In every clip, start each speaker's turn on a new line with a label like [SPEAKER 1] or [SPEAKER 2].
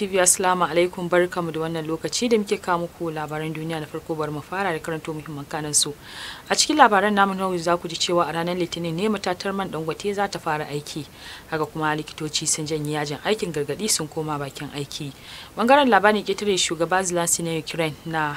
[SPEAKER 1] TV Assalamu alaikum barkamu da wannan lokaci da muke kawo muku labaran duniya na farko bari mu fara da karanto muhimman kanan su. A cikin labaran namu na za ku ji cewa a ranar Litinin ne matatar man dangote za ta fara aiki. Haka kuma likitoci sun janye yajin aikin gargadi sun koma bakin aiki. Bangaren labarin ketare shugaba Zelensky na Ukraine na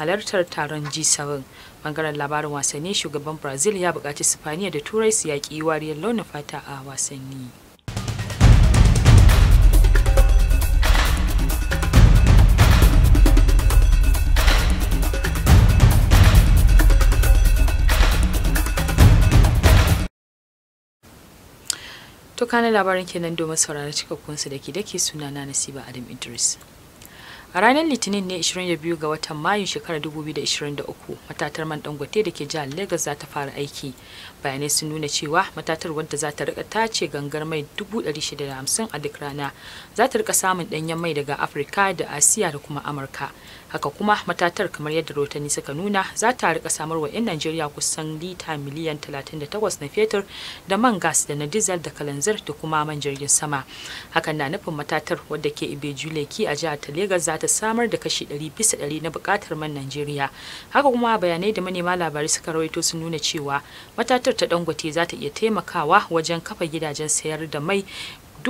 [SPEAKER 1] halartar taron G7. Bangaren labarin wasanni shugaban Brazil ya buƙaci Sifaniya da Turai su yaƙi wariyar launin fata a wasanni. abokanin labarin kenan domin saurari cikakkunsu da ke da ke suna na Nasiba Adam Idris. A ranar Litinin ne 22 ga watan Mayu shekarar 2023 matatar man dangote da ke jihar lagos za ta fara aiki. Bayanai sun nuna cewa matatar wadda za ta rika tace gangar mai 650 a duk rana za ta rika samun danyen mai daga Afirka da Asiya da kuma Amurka. haka kuma matatar kamar yadda rotani suka nuna za ta rika samar wa 'yan najeriya kusan lita miliyan 38 na fetur da man gas da na diesel da kalanzir da kuma man jirgin sama hakan na nufin matatar wadda ke ibe juleki a jihar ta legas za ta samar da kashi 100 bisa 100 na bukatar man najeriya haka kuma bayanai da manema labarai suka rawaito sun nuna cewa matatar ta dangote za ta iya taimakawa wajen kafa gidajen sayar da mai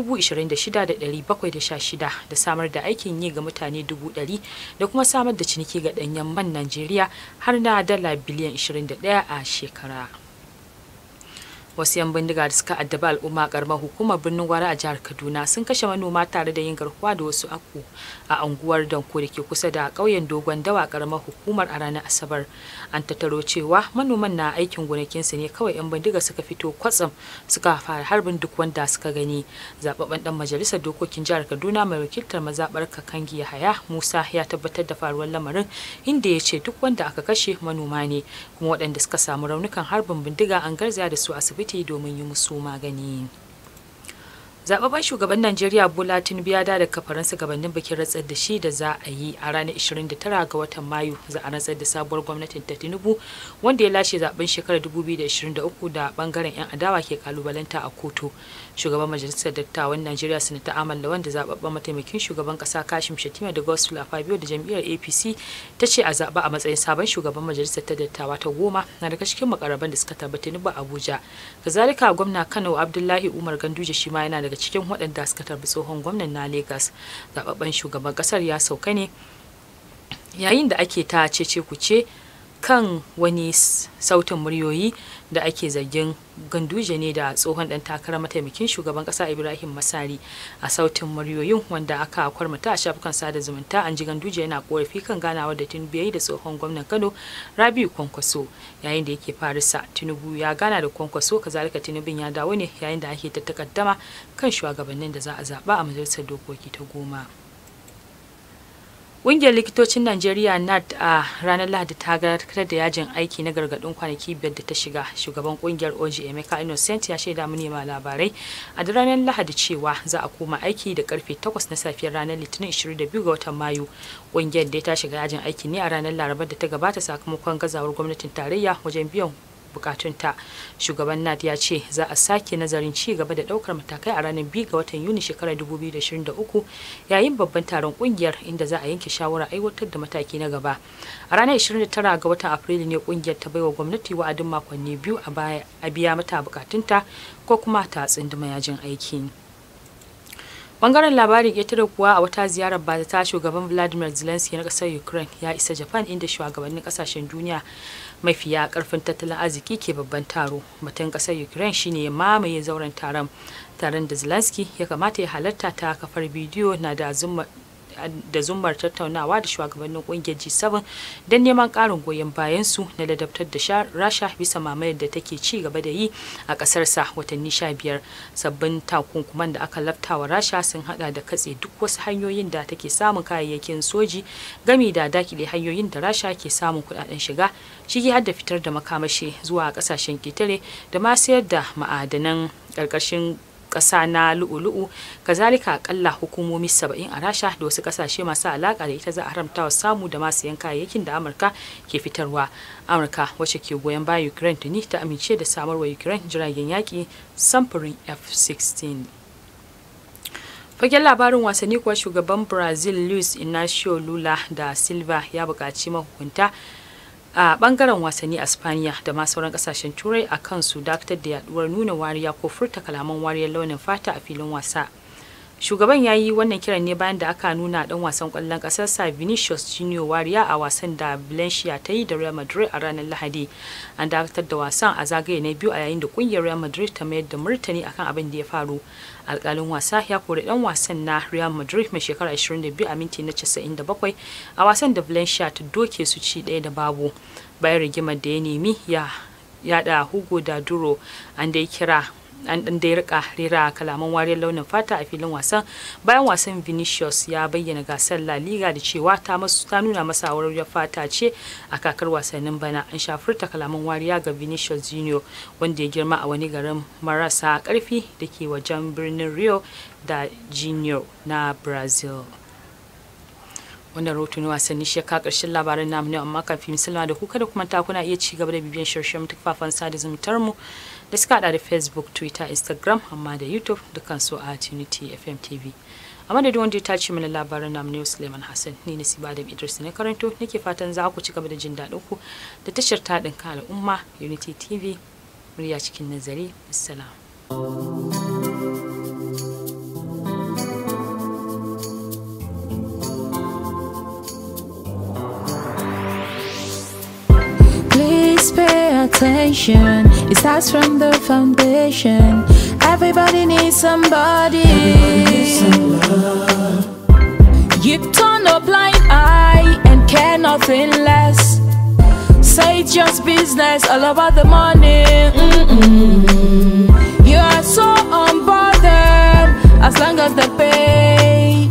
[SPEAKER 1] 26,716 da samar da aikin yi ga mutane 100,000 da kuma samar da ciniki ga ɗanyen man Najeriya har na dala biliyan 21 a shekara. wasu 'yan bindiga da suka addaba al'umma karamar hukumar birnin gwara a jihar kaduna sun kashe manoma tare da yin garkuwa da wasu aku a anguwar danko da ke kusa da ƙauyen dogon dawa karamar hukumar a ranar asabar an tattaro cewa manoman na aikin gonakinsu ne kawai 'yan bindiga suka fito kwatsam suka fara harbin duk wanda suka gani zababben dan majalisar dokokin jihar kaduna mai wakiltar mazaɓar kakangi yahaya musa ya tabbatar da faruwar lamarin inda ya ce duk wanda aka kashe manoma ne kuma waɗanda suka samu raunukan harbin bindiga an garzaya da su asibiti asibiti domin yi musu magani zababben shugaban najeriya bola tinubu ya da daga faransa gabanin bikin ratsar da shi da za a yi a ranar 29 ga watan mayu za a ratsar da sabuwar gwamnatin ta tinubu wanda ya lashe zaben shekarar 2023 da bangaren yan adawa ke kalubalanta a kotu shugaban majalisar dattawan najeriya suna ta amalla wanda zababben mataimakin shugaban kasa kashim shatima da gospel fabio da jam'iyyar apc ta ce a zaba a matsayin sabon shugaban majalisar ta dattawa ta goma na daga cikin makaraban da suka tabbata tinubu abuja kazalika gwamna kano abdullahi umar ganduje shi ma yana daga da cikin waɗanda suka tarbi tsohon gwamnan na Legas zaɓaɓɓen shugaban ƙasar ya sauka ne yayin da ake ta cece kuce kan wani sautin muryoyi da ake zargin ganduje ne da tsohon dan takarar mataimakin shugaban kasa ibrahim masari a sautin muryoyin wanda aka kwarmata a shafukan sada zumunta an ji ganduje yana korafi kan ganawa da tinubu yayi da tsohon gwamnan kano rabiu kwankwaso yayin da yake farisa tinubu ya gana da kwankwaso kazalika tinubin ya dawo ne yayin da ake ta takaddama kan shugabannin da za a zaba a majalisar dokoki ta goma. Ƙungiyar likitocin Najeriya NAT a ranar Lahadi ta gabatar da yajin aiki na gargadin kwanaki biyar da ta shiga. Shugaban ƙungiyar OG Emeka Innocent ya shaida ma labarai a da ranar Lahadi cewa za a koma aiki da karfe 8 na safiyar ranar Litinin 22 ga watan Mayu. Ƙungiyar da ta shiga yajin aiki ne a ranar Larabar da ta gabata sakamakon gazawar gwamnatin tarayya wajen biyan bukatunta shugaban nad ya ce za a sake nazarin ci gaba da daukar matakai a ranar 2 ga watan yuni shekarar 2023 yayin babban taron kungiyar inda za a yanke shawara aiwatar da mataki na gaba a ranar 29 ga watan afrilu ne kungiyar ta baiwa gwamnati wa'adin makonni biyu a baya a biya mata bukatunta ko kuma ta tsinduma yajin aiki bangaren labarin ƙetare kuwa a wata ziyarar ba ta shugaban vladimir zelensky na kasar ukraine ya isa japan inda shugabannin ƙasashen duniya mafiya karfin tattalin arziki ke babban taro mutum kasar ukraine shine ya mamaye zauren taron taron da zelensky ya kamata ya halarta ta kafar bidiyo na da zuma da zumbar tattaunawa da shugabannin kungiyar G7 don neman ƙarin goyon bayan su na ladabtar da Rasha bisa mamayar da take ci gaba da yi a kasar sa watanni 15 sabbin takunkuman da aka laftawa Rasha sun hada da katse duk wasu hanyoyin da take samun kayayyakin soji gami da dakile hanyoyin da Rasha ke samun kudaden shiga ciki har da fitar da makamashi zuwa ƙasashen ƙetare da ma sayar da ma'adanan ƙarƙashin. ƙasa na lu'ulu'u kazalika akalla hukumomi saba'in a rasha da wasu ƙasashe masu alaƙa da ita za a haramta wa samu da masu yan kayayyakin da amurka ke fitarwa amurka wacce ke goyon bayan ukraine tuni ta amince da samarwa ukraine jiragen yaƙi samfurin f-16 fagen labarin wasanni kuwa shugaban brazil luis inacio lula da silva ya buƙaci mahukunta a bangaren wasanni a spaniya da ma sauran kasashen turai a kansu dakatar da yaduwar nuna wariya ko furta kalaman wariyar launin fata a filin wasa shugaban ya yi wannan kiran ne bayan da aka nuna dan wasan kwallon sa vinicius junior wariya a wasan da valencia ta yi da real madrid a ranar lahadi an dakatar da wasan a zagaye na biyu a yayin da kungiyar real madrid ta mayar da martani akan abin da ya faru alkalin wasa ya kori dan wasan na real madrid mai shekara 22 a minti na 97 a wasan da valencia ta doke su ci daya da babu bayan rigimar da ya nemi ya yada hugo da duro an dai kira an dan dai rika rera kalaman wariyar launin fata a filin wasan bayan wasan Vinicius ya bayyana gasar La Liga da cewa ta ta nuna masa wariyar fata ce a kakar wasannin bana an shafurta kalaman wariya ga Vinicius Junior wanda ya girma a wani garin marasa karfi da ke wajen birnin Rio da Junior na Brazil. wannan rahoto ne wasanni shi ka karshen labaran namu ne amma kafin misalma da kuka da kuma ta kuna iya ci gaba da bibiyan shirshen tukfafan sada zumuntar mu da suka hada da facebook twitter instagram amma da youtube dukkan su a tunity fm tv a madadin wanda ya tace mana labaran namu ne suleiman hassan ni na siba da idris na karanto nake fatan za ku cigaba da jin daɗin ku da tashar taɗin kan al'umma unity tv murya cikin nazari assalamu attention. It starts from the foundation. Everybody needs somebody. Everybody needs some love. You turn a blind eye and care nothing less. Say it's just business, all about the money. Mm -mm. You are so unbothered as long as they pay.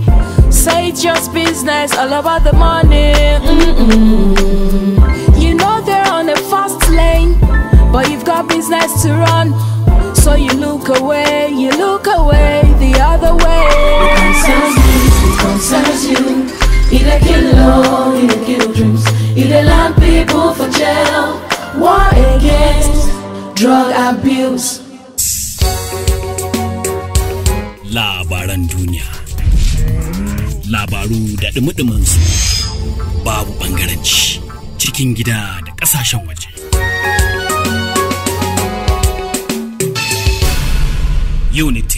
[SPEAKER 1] Say it's just business, all about the money. Mm got business to run. So you look away, you look away the other way. It concerns me, it concerns you. It a kill love, it a kill dreams. It a land people for jail. War against drug abuse. Labaran duniya. Labaru da dumi su babu ɓangaranci cikin gida da ƙasashen waje. unity.